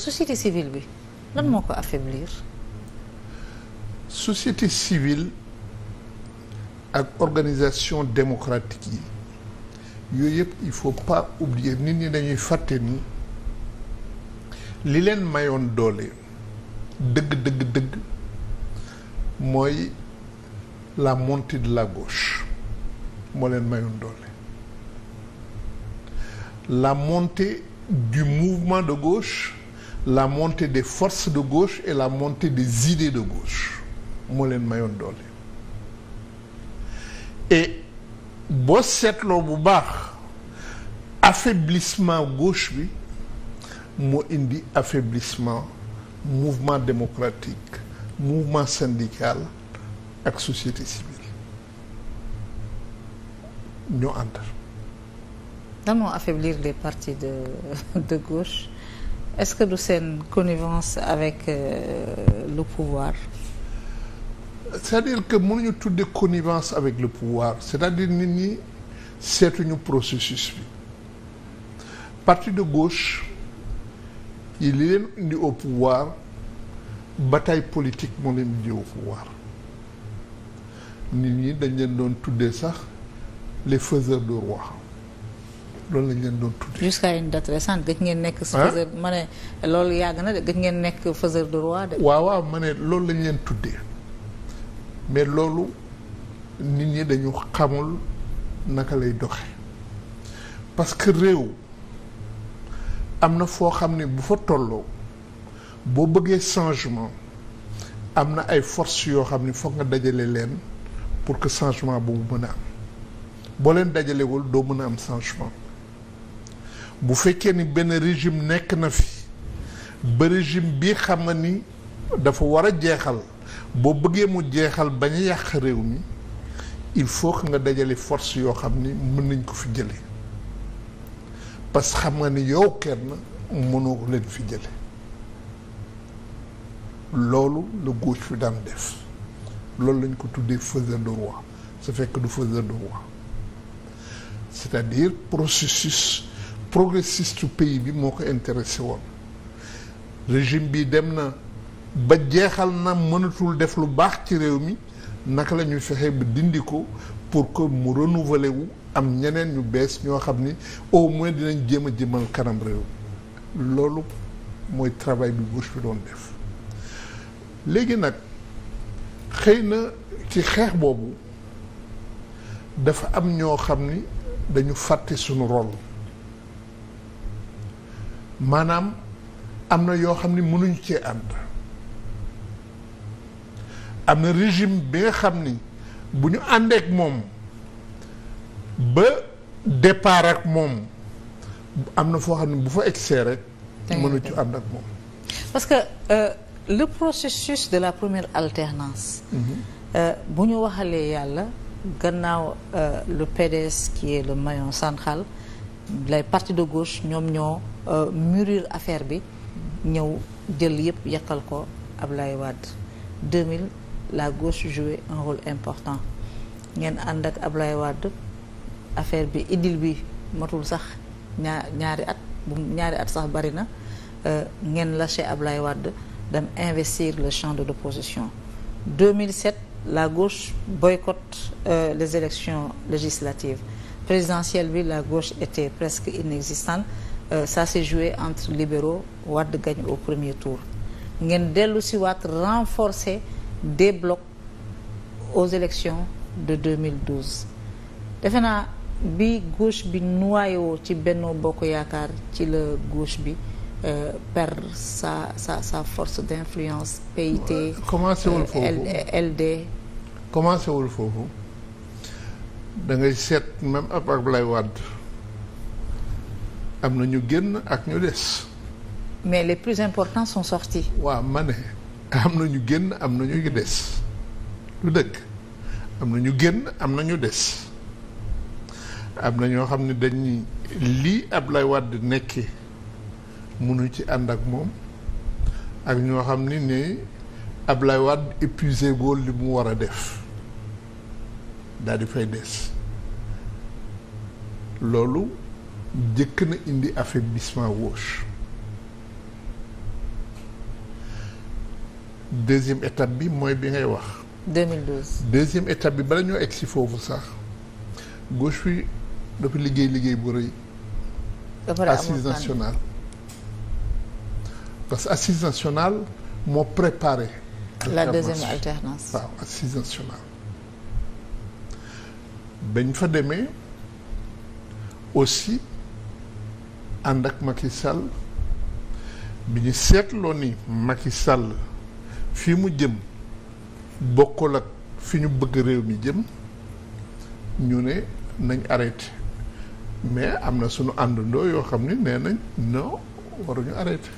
société civile bi lan moo ko affaiblir. ak organisation démocratique yi yooyu yëpp il faut pas oublier nit ñi dañuy fàtte ni li leen mayoon doole dëgg dëgg dëgg mooy la montée de la gauche moo leen mayoon doole la montée du mouvement de gauche la montée des force de gauche et la montée de idées de gauche moo leen mayoon doole et boo seetloo bu baax affaiblissement gauche bi moo indi affaiblissement mouvement démocratique mouvement syndical ak société civile ñoo ànd. lan moo affaiblir les partis de gauche. est-ce que du seen connivence avec euh, le pouvoir. c'est-à-dire que mënuñu tudde connivence avec le pouvoir c'est-à-dire nit ñi seetuñu processus bi parti de gauche yi li leen indi au pouvoir bataille politique moo leen indi au pouvoir nit ñi dañ leen doon tuddee sax les faiseurs de roi loolu lañ leen doon tudd. jusqu'à une date récente gëj ngeen nekk. faiseur ma ne loolu yàgg na de gëj ngeen nekk faiseur de roi de. waaw waaw ma ne loolu lañ leen tuddee mais loolu nit ñi dañu xamul naka lay doxee parce que réew am na foo xam ne bu fa tolloo boo bëggee changement am na ay forces yoo xam ne foog nga dajale leen pour que changement boobu mën a am. boo leen dajalewul doo mën a am changement bu fekkee ni benn régime nekk na fi ba régime bi xam nga ni dafa war a jeexal boo bëggee mu jeexal bañ a yàq réew mi il faut que nga dajale force yoo xam ni mën nañ ko fi jële parce que xam nga ni yow kenn mënoo ko fi jële loolu la gauche fi daan def loolu lañ ko tuddee faiseur de roi su fekk du faiseur de roi c'est-à-dire processus progressiste pays bi moo ko intéressé woon régime bi dem na ba jeexal na mënatul def lu baax ci réew mi naka la ñuy fexe ba dindi ko pour que mu renouveler wu am ñeneen ñu bees ñoo xam ni au moins dinañ jéem a jëmal kanam réew loolu mooy travail bi Bush bi doon def léegi nag xëy na ci xeex boobu dafa am ñoo xam ni dañu fàtte suñu rôle maanaam am na yoo xam ni mënuñ cee ànd am na régime bi nga xam ni bu ñu àndeek moom ba départ ak moom am na foo xam ne bu fa egsee rek mënu ci ànd ak moom parce que euh, le processus de la première alternance mhm. euh, bu ñu waxalee yàlla gannaaw euh, le PDS qui est le maillon central les partis de gauche ñoom ñoo euh, mûrir affaire bi ñëw jël yëpp yekkal ko Ablaye Wade 2000 la gauche jouait un rôle important ngeen ànd ak Ablaye Wade affaire bi idylle bi matul sax ñaar ñaari at bu ñaari at sax bari na euh, ngeen lâché Ablaye wadd dem investir le champ de l'opposition 2007 la gauche boycotte euh, les élections législatives présidentielle bi la gauche était presque inexistante euh, ça s'est joué entre libéraux Wade gagne au premier tour ngeen dellu si waat renforcer des blocs aux élections de 2012 defe naa bi gauche bi noyau ci Benno Bokk Yaakaar ci la gauche bi Euh, perdre sa sa sa force d'influence PIT. Euh, commencé wul foofu LD. commencé wul foofu. da ngay seet même ab lay Wade am na ñu génn ak ñu des. mais les plus importants sont sortis. waaw ma ne am na ñu génn am na ñu des lu dëgg am na ñu génn am na ñu des am na ñoo xam ne dañ lii Ablaye nekki nekkee mënu ci ànd ak moom ak ñoo xam ne ab lay Wade épuisé góor li mu war a def. daal di fay des loolu jëkk na indi affaiblissement gauche deuxième étape bi mooy bi ngay wax. 2012 deuxième étape bi bala ñoo egg si foofu sax gauche bi dafa liggéey liggéey bu rëy. assise nationale parce que assise nationale moo préparé. la alternance waaw assise nationale. dañ fa demee aussi ànd ak Macky Sall bi ñu seetloo ni Macky Sall fii mu jëm bokkul ak fi ñu bëgg réew mi jëm ñu ne nañ arrêté mais am na sunu àndandoo yoo xam ni nee nañ waruñu arrêté